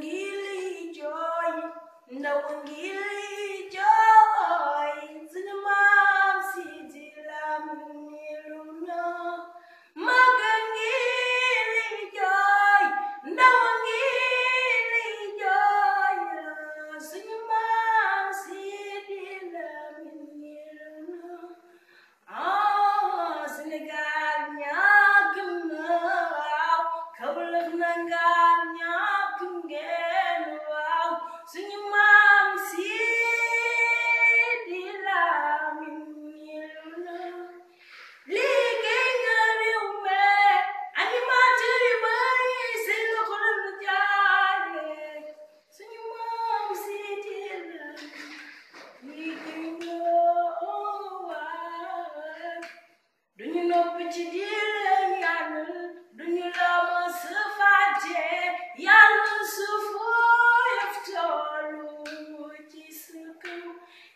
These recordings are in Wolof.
ngi lay jooy ndaw ngi lay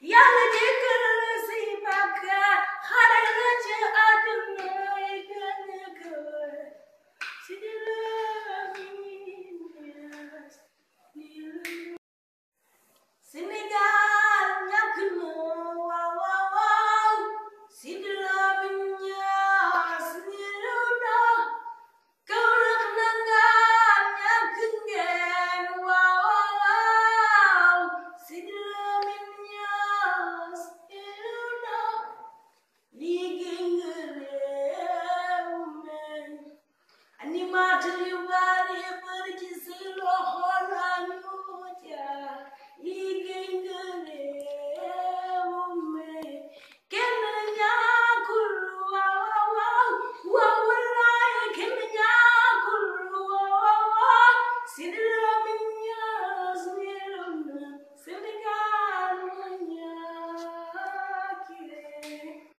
Я надеюсь, imagine you